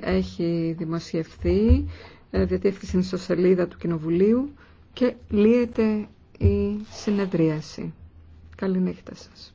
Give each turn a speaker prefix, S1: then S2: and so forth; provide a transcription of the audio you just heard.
S1: έχει δημοσιευθεί, ε, διατίθεται στην ιστοσελίδα του Κοινοβουλίου και λύεται η συνεδρίαση. Καληνύχτα σας.